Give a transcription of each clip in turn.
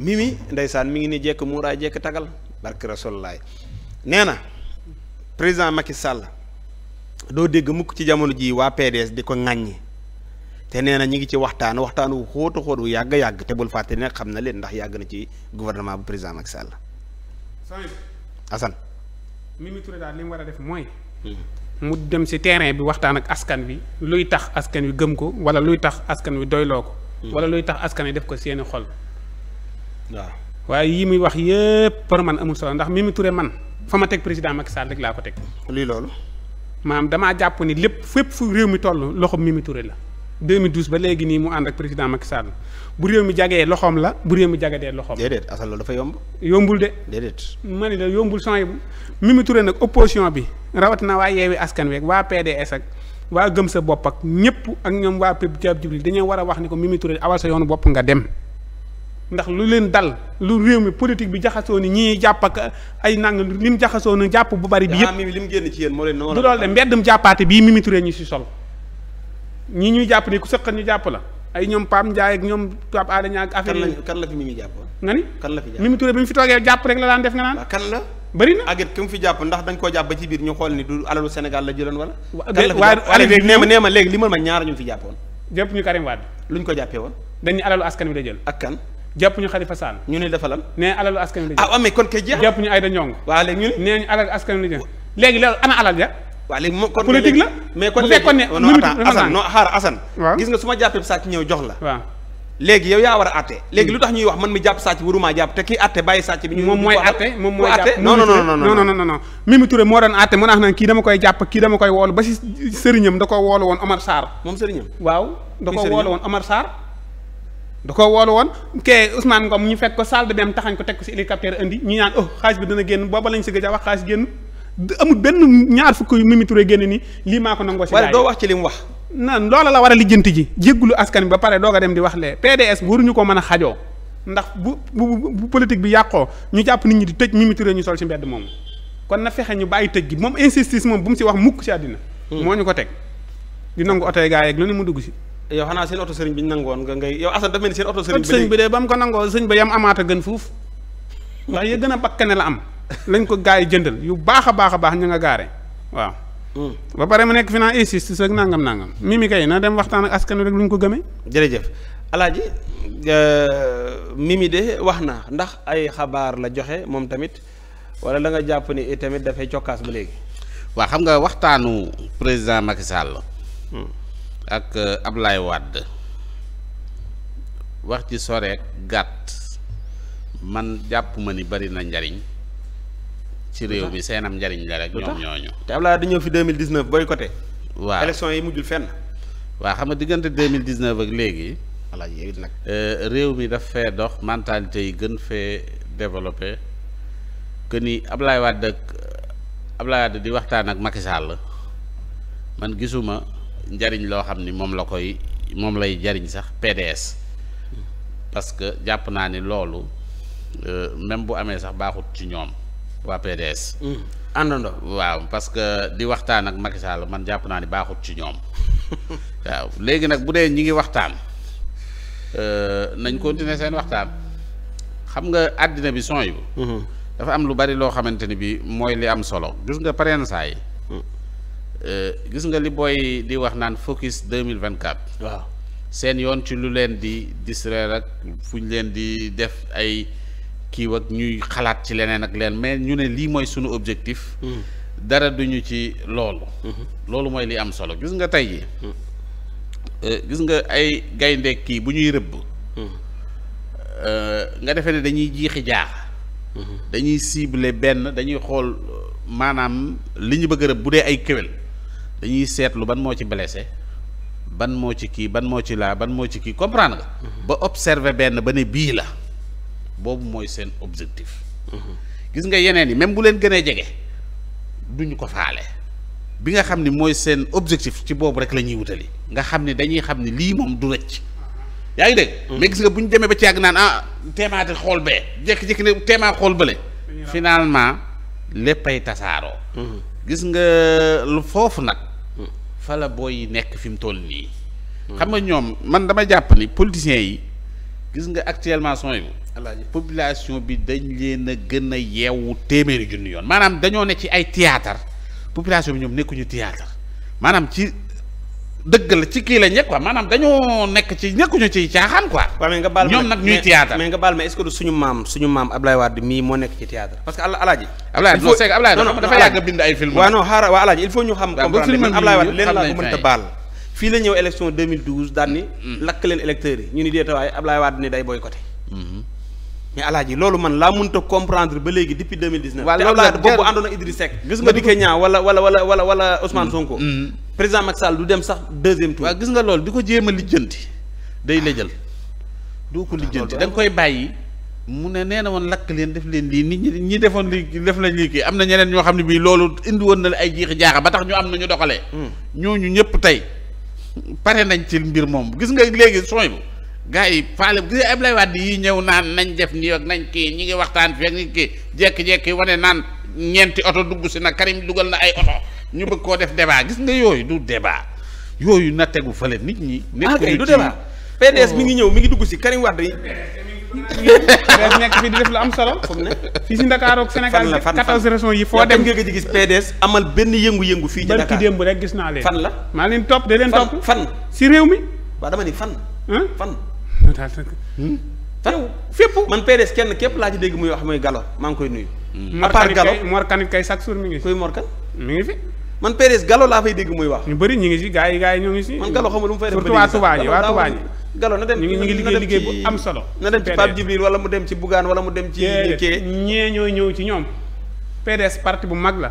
mimi ndeysaan mi ngi ni jekk muuraay jekk tagal barke rasulullaay nee na président Macky Sall doo dégg mukk ci jamono ji waa PDS di ko ŋàññi te nee na ñu ngi ci waxtaan waxtaan wu xóot a xóot wu yàgg yàgg te bul fàtte ne xam na leen ndax yàgg na ci gouvernement bu président Macky Sall. Assane. Mimi Touré daal li mu war a def mooy. Hmm. mu dem ci terrain bi waxtaan ak askan bi luy tax askan wi gëm ko wala luy tax askan wi doyloo ko. Hmm. wala luy tax askan wi def ko seeni xol. waaw waaye yii muy wax yëpp par man amul solo ndax Mimi Touré man fa ma teg président Macky Sall rek laa ko teg. lii loolu. maanaam damaa jàpp ni lépp fépp fu réew mi toll loxo Mimi Touré la 2012 ba léegi nii mu ànd ak président Macky Sall bu réew mi jagee loxoom la bu réew mi jagadee loxoom. déedéet asal loolu dafa yomb. yombul de. déedéet. ma ni la yombul son yi Mimi Touré nag opposition bi rawatina waa yeewi askan wi waa PDS ak waa gëm sa bopp ak ñëpp ak ñoom waa PEP Jaab dañoo war wax ni ko Mimi Touré awal sa yoonu bopp nga dem. ndax lu leen dal lu réew mi politique bi jaxasoo ni ñii jàpp ak ay nang lim jaxasoo na jàpp bu bari bi yëpp lim génn ci yéen moo leen du loolu de mbeddum jàppaate bii Mimi Touré ñu si sol ñuy jàpp ni ku sëqat ñu jàpp la ay ñoom Pam Ndiaye ñoom Pape Alé kan la fi Mimi jàpp nga ni kan la fi jàpp bi mu fi toogee jàpp rek la daan def nga naan kan la bëri na agit ki mu fi jàpp ndax dañ koo jàpp ba ci biir ñu xool ni du alalu Sénégal la jëloon wala waaye neema neema léegi li ma ñaar ñu fi jàppoon jàpp ñu Karim Wade ko jàppee woon dañ ñu askan wi jël ak kan jàpp ñu Khalifa Sall ñu ne dafa lan nee alalu askan wi ah mais kon kay jeex jàpp ñu Aïda Ndiongue waaw léegi ñu ne nee ñu alalu léegi moom kon kon léegi non léegi yow yaa war a àtte léegi lu tax ñuy wax man mi jàpp sàcc warumaa jàpp te kii àtte bàyyi sàcc bi moom mooy àtte moom mooy àtte non non non non non non non Mimi Touré moo doon àtte mu naax naan kii dama koy jàpp kii dama koy woolu ba si sëriñam da ko woolu woon Omar Sarr moom sëriñam waaw da ko woolu woon Omar Sarr da ko woolu woon kee Ousmane Ngom ñu fekk ko salle de bain taxañ ko teg ko si hélicoptère indi ñu naan oh xaalis bi dana génn booba lañ si gëj a wax xaalis génn amul benn ñaar fukk yu Mimi Touré ni lii maa ko nangoo si doo wax ci li mu wax nan loola la war a lijjanti ji jéggulu askan bi ba pare doog a dem di wax lee PDS waruñu ko mën a xajoo ndax bu bu bu politique bi yàqoo ñu jàpp nit ñi di tëj Mimi Touré ñu sol si mbedd moom kon na fexe ñu bàyyi tëj gi moom insistance moom bu mu si wax mukk si àddina hmm. moo ñu ko teg di nangu otoy gaa yeeg lu ne mu si yow xanaa seen oto sëriñ bi ñu nangoon nga ngay yow Assane dafa mel ni seen oto sëriñ bi sëriñ bi de ba mu ko nangoo sëriñ ba yam amaata gën fuuf ndax ya gën a bakkane la am lañ ko gaay jëndal yu baax a baax a baax ñu nga gaare waaw hmm. ba pare mu nekk fi naa si sax nangam nangam mi mi kay na dem waxtaan ak askan rek lu ñu ko gëmee jërëjëf alaaji euh, mii de wax na ndax ay xabaar la joxe moom tamit wala da nga jàpp ni tamit dafay cokkaas ba léegi waa xam nga waxtaanu président Macky Sall hmm. ak eh, Ablaye Wade wax ci soreek gàtt man jàpp ma ni bari na njariñ ci réew mi seenam njariñ la rek ñoom ñooñu te Ablaye Wade ñëw fi 2019 boycotté waaw élection yi mujjul fenn waaw xam nga diggante 2019 ak léegi voilà yéen nag eh, réew mi daf fee dox mentalité yi gën fee développé que ni Ablaye ak Ablaye Wade di waxtaan ak Macky man gisuma njariñ loo xam ni moom la koy moom lay jariñ sax PDS parce que jàpp naa ni loolu euh, même bu amee sax baaxut ci ñoom waa PDS. Hmm. àndandoo waaw parce que di waxtaan ak Macky Sall man jàpp naa ni baaxut ci ñoom waaw léegi nag bu dee ñi ngi waxtaan euh, nañ continuer seen waxtaan xam nga àddina bi son hmm. dafa am lu bari loo xamante ni bi mooy li am solo gis nga saa yi. Hmm. Euh, gis nga li booy di wax naan focus deux mille vingt quatre. waaw seen yoon ci lu leen di distraire ak fu ñu leen di def ay kiiw ak ñuy xalaat ci leneen ak leen mais ñu ne lii mooy sunu objectif. Hmm. dara duñu ci loolu. Hmm. loolu mooy li am solo gis nga tey ji hmm. euh, gis nga ay gaynde kii bu ñuy rëbb. Euh, nga defe ne dañuy jiixi jaax dañuy cibler benn dañuy xool maanaam li ñu bëgg a rëbb bu dee ay kéwél. dañuy seetlu ban moo ci blessé ban moo ci kii ban moo ci laa ban moo ci kii comprendre nga. Mhm. ba observer benn ba ne bii la boobu mooy seen objectif. Mhm. gis nga yeneen yi même bu leen gënee jege duñu ko faale bi nga xam ni mooy seen objectif ci boobu rek la ñuy wutali nga xam ni dañuy xam ni lii moom du rëcc. yaa ngi dégg. Mhm. gis nga bu ñu demee ba ci yàgg naan ah teemaate xool bee jékki-jékki ne teemaa xool bële. finalement léppay tasaaroo. gis nga lu foofu nag. fa la booy nekk fi mu toll nii. Hmm. xam nga ñoom man dama jàpp ni politiciens yi gis nga actuellement son yi. population bi dañ leen a gën a yeewu téeméeri junni yoon maanaam dañoo ne ci ay théâtre population bi ñoom nekkuñu théâtre maanaam ci. dëgg la ci kii la ñekk quoi maanaam dañoo nekk ci nekkuñu ci caaxaan quoi. waaw mais nga baal ma ñoom nag ñuy théâtre mais nga baal ma est suñu maam suñu maam Ablaye Wade mii moo nekk ci théâtre parce que Alaaji. Ablaye non c'est Ablaye dafa yàgg a bind ay film. waaw non xaaral waa Alaaji il faut man la ñëw élection 2012 daan ni. Mm. lakk leen électeurs yi mm-hmm. loolu man laa mënta comprendre ba léegi depuis te Ablaye boobu àndoon ak Idriss gis nga di Kenya wala wala wala wala mm-hmm. Sonko mm-hmm. président Macky Sall du dem sax deuxième tour. waaw gis nga lool di ko jéem a lijjanti day lëjal du ko lijjanti da nga koy bàyyi mu ne nee na woon lakk leen def leen lii nit ñi ñi defoon lii def lañ lii kii am na ñeneen ñoo xam ne bii loolu indi na ay jiixi jaaxa ba tax ñu am na ñu doxalee. Hmm. ñooñu ñëpp tey pare nañ ci mbir moom gis nga léegi sooy bu gars yi faale gis nga Abdoulaye Wade yi ñëw naan nañ def nii ak nañ kii ñu ngi waxtaan fii ak ñi kii jékki-jékki wane naan ñeenti oto dugg si nag Karim dugal na ay oto. ñu bëgg koo def débat gis nga yooyu du débat yooyu na tegu fële nit ñi. Ah, nekk du débat PDS mi ngi ñëw mi ngi dugg si Karim Wade yi. PDS am solo. comme fii si Dakar ak Sénégal 14 régions yi foo dem. ngeen di gis PDS amal benn yëngu-yëngu fii ci Dakar barki démb rek gis naa leen. fan la maa leen topp de leen topp. fan si réew mi. waaw dama ni fan. fan. Hmm? fan fépp. man PDS kenn képp laa ci mu yoo wax mooy maa ngi koy nuyu. Hmm. à part Gallo Mor kay Mor Kanit kay mi ngi. kuy Mor Kan mi ngi fi. man PDS Gallo laa fay dégg muy wax. ñu bëri ñu ngi si gars yi gars yi ñoo ngi si. man Gallo xamul lu mu fay def surtout waa Touba ji waa Touba ji. Gallo na dem ñu ngi am solo. na dem ci Pape Djibril wala mu dem ci Bougane wala mu dem ci. kii ñee ñooy ñëw ci ñoom. PDS parti bu mag la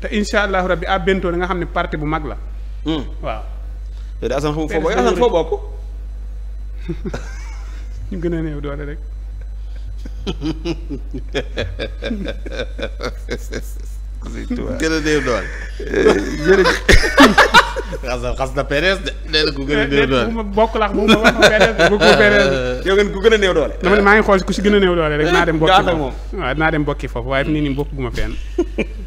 te allah allahu bi à bientôt nga xam ne parti bu mag la. Hmm. waaw. déedéet Assane xamul foo bokk. ñu gën a néew doole rek. gën a néew doole. Eh, jërëjëf. xas na xas na PDS de. nee na ku gën a néew eh, doole bu ma bokk laax bu ma ku gën a néew maa ngi xool ku si gën a néew doole eh, naa dem. bokki foofu waaw foofu waaye fi mu nii bokk gu ma fenn.